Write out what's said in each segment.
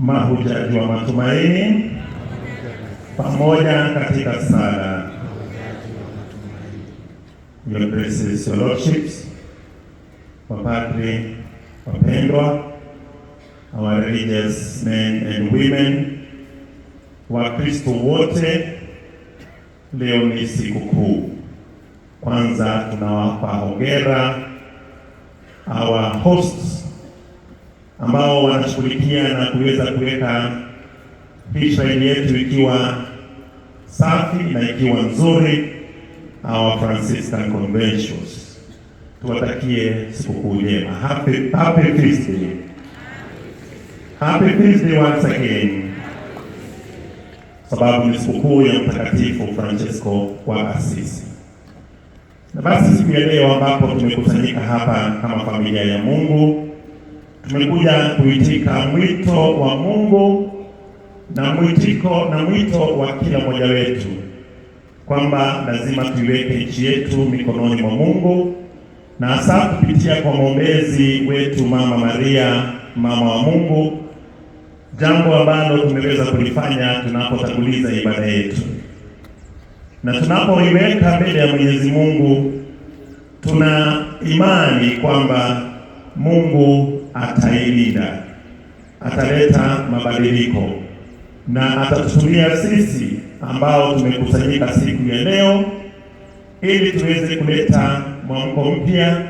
mahujaji wa matumaini pamoja katika sala Your Graces, Your Lordships, wapadri wapendwa, our religious men and women, Wakristo wote, leo ni siku kuu. Kwanza tunawapa hongera our hosts ambao wanashughulikia na kuweza kuweka beachline yetu ikiwa safi na ikiwa nzuri, our Franciscan Conventions. Tuwatakie sikukuu njema. Happy, happy feast day. Happy feast day once again, sababu ni sikukuu ya Mtakatifu Francesco wa Assisi. Na basi siku ya leo ambapo tumekusanyika hapa kama familia ya Mungu tumekuja kuitika mwito wa Mungu na mwitiko na mwito wa kila mmoja wetu kwamba lazima tuiweke nchi yetu mikononi mwa Mungu na hasa kupitia kwa mwombezi wetu Mama Maria, mama wa Mungu, jambo ambalo tumeweza kulifanya tunapotanguliza ibada yetu na tunapoiweka mbele ya Mwenyezi Mungu, tuna imani kwamba Mungu atailinda, ataleta mabadiliko na atatutumia sisi ambao tumekusanyika siku ya leo ili tuweze kuleta mwamko mpya,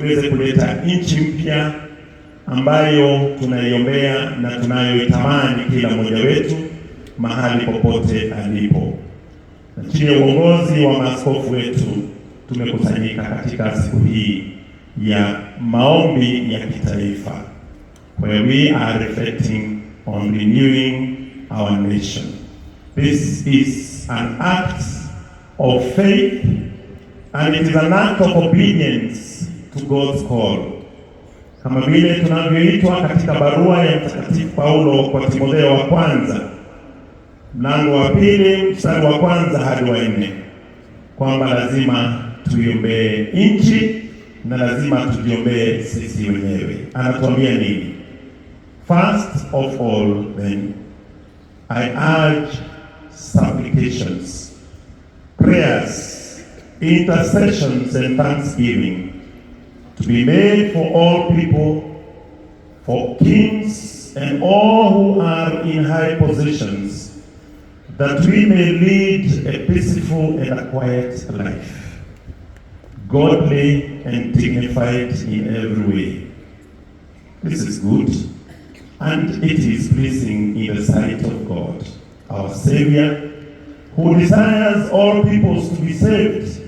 tuweze kuleta nchi mpya ambayo tunaiombea na tunayoitamani kila mmoja wetu mahali popote alipo. Na chini ya uongozi wa maaskofu wetu tumekusanyika katika siku hii ya maombi ya kitaifa where we are reflecting on renewing our nation. This is an act of faith and it is an act of obedience to God's call, kama vile tunavyoitwa katika barua ya Mtakatifu Paulo kwa Timotheo wa kwanza mlango wa pili mstari wa kwanza hadi wa nne kwamba lazima tuiombee nchi na lazima tujiombee sisi wenyewe. Anatuambia nini? First of all then I urge supplications, prayers, intercessions and thanksgiving to be made for all people, for kings and all who are in high positions, that we may lead a peaceful and a quiet life godly and dignified in every way. This is good, and it is pleasing in the sight of God, our Savior, who desires all peoples to be saved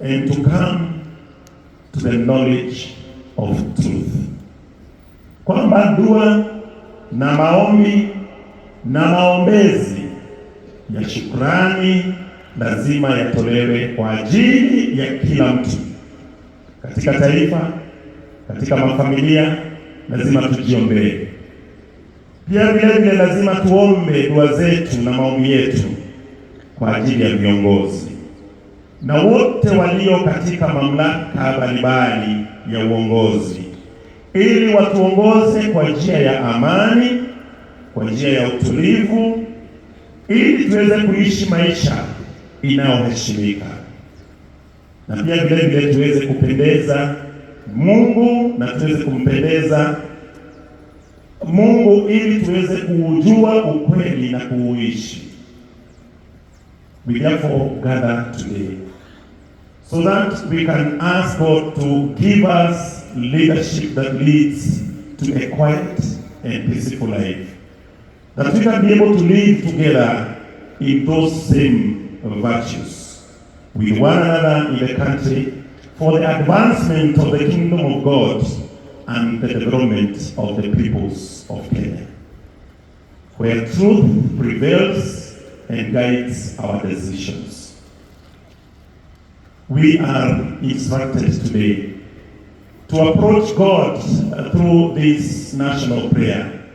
and to come to the knowledge of truth. Kwamba dua na maombi na maombezi ya shukrani lazima yatolewe kwa ajili ya kila mtu katika taifa, katika mafamilia. Lazima tujiombee pia vile lazima tuombe dua zetu na maombi yetu kwa ajili ya viongozi na wote walio katika mamlaka mbalimbali ya uongozi, ili watuongoze kwa njia ya amani, kwa njia ya utulivu, ili tuweze kuishi maisha inayoheshimika, na pia vile vile tuweze kupendeza Mungu na tuweze kumpendeza Mungu ili tuweze kuujua ukweli na kuuishi. We therefore gather today so that we can ask God to give us leadership that leads to a quiet and peaceful life that we can be able to live together in those same virtues with one another in the country for the advancement of the kingdom of God and the development of the peoples of Kenya, where truth prevails and guides our decisions. We are instructed today to approach God through this national prayer,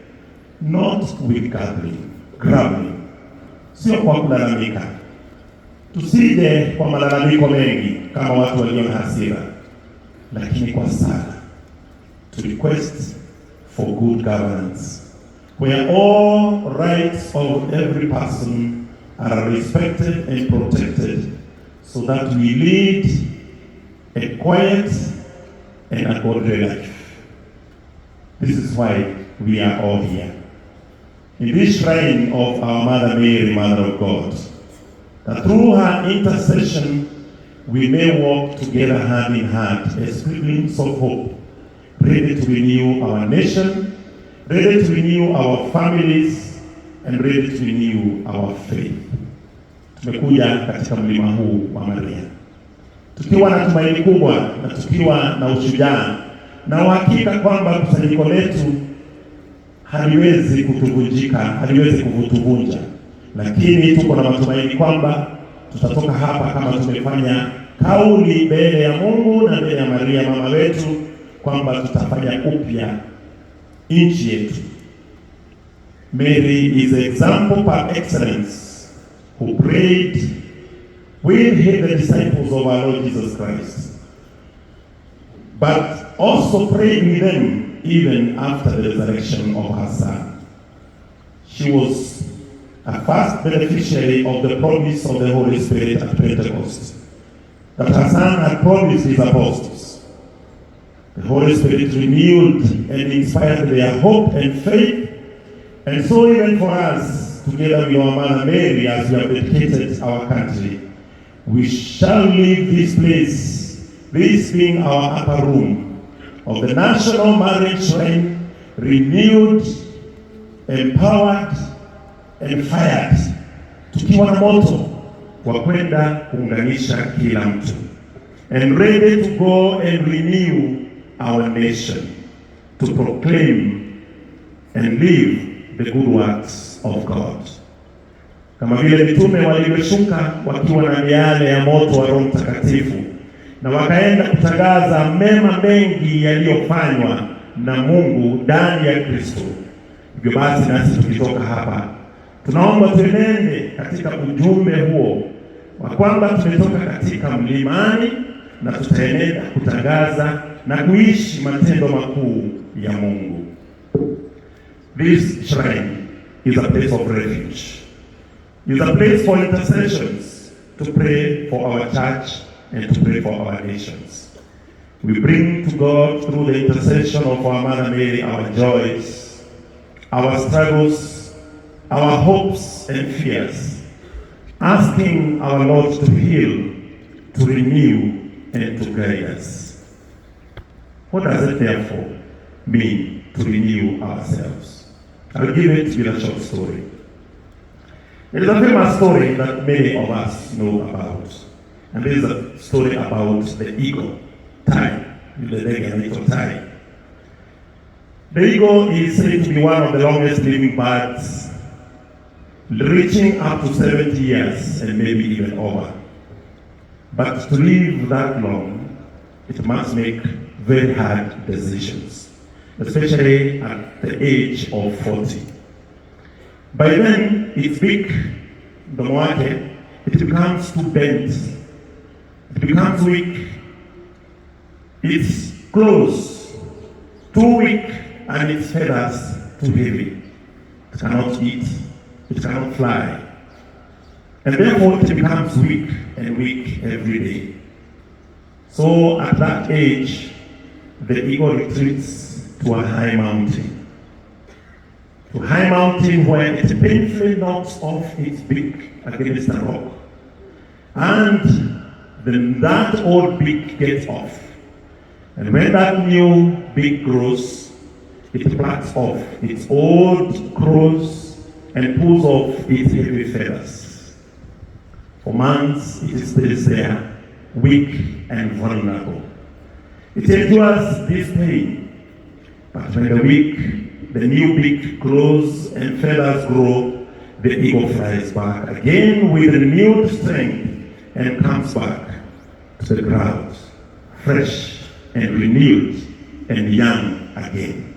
not with gathering grumbling, sio kwa kulalamika Tusije kwa malalamiko mengi kama watu walio na hasira, lakini kwa sala to request for good governance where all rights of every person are respected and protected so that we lead a quiet and a godly life. This is why we are all here in this shrine of our Mother Mary, Mother of God that through her intercession we may walk together hand in hand as siblings of hope, ready to renew our nation, ready to renew our families, and ready to renew our faith. Tumekuja katika mlima huu wa Maria tukiwa na tumaini kubwa na tukiwa na ushujaa na uhakika kwamba kusanyiko letu haliwezi kutuvunjika, haliwezi kutuvunja lakini tuko na matumaini kwamba tutatoka hapa kama tumefanya kauli mbele ya Mungu na mbele ya Maria mama wetu kwamba tutafanya upya nchi yetu. Mary is an example par excellence who prayed with the disciples of our Lord Jesus Christ but also prayed with them even after the resurrection of her son. She was a first beneficiary of the promise of the Holy Spirit at Pentecost. Dr. Hassan had promised his apostles. The Holy Spirit renewed and inspired their hope and faith, and so even for us, together with our Mother Mary, as we have dedicated our country, we shall leave this place, this being our upper room, of the national marriage train, renewed, empowered, and tukiwa na moto wa kwenda kuunganisha kila mtu and ready to go and renew our nation to proclaim and live the good works of God kama vile mitume walivyoshuka wakiwa na miale ya moto wa Roho Mtakatifu na wakaenda kutangaza mema mengi yaliyofanywa na Mungu ndani ya Kristo. Hivyo basi nasi tukitoka hapa Tunaomba tuenende katika ujumbe huo wa kwamba tumetoka katika mlimani na tutaendelea kutangaza na kuishi matendo makuu ya Mungu. This shrine is a place of refuge. Is a place for intercessions to pray for our church and to pray for our nations. We bring to God through the intercession of our Mother Mary our joys, our struggles, our hopes and fears, asking our Lord to heal, to renew, and to guide us. What does it therefore mean to renew ourselves? I'll give it with a short story. There is a famous story that many of us know about, and this is a story about the eagle, time, the of time. The eagle is said to be one of the longest living birds reaching up to 70 years and maybe even over. But to live that long, it must make very hard decisions, especially at the age of 40. By then, its big, the market, it becomes too bent, it becomes weak, its close. too weak, and its feathers too heavy. It cannot eat it cannot fly. And therefore it becomes weak and weak every day. So at that age, the ego retreats to a high mountain. To high mountain where it painfully knocks off its beak against a rock. And then that old beak gets off. And when that new beak grows, it plucks off its old crows and pulls off its heavy feathers. For months it stays there, weak and vulnerable. It endures this pain, but when the weak, the new beak grows and feathers grow, the eagle flies back again with renewed strength and comes back to the ground, fresh and renewed and young again.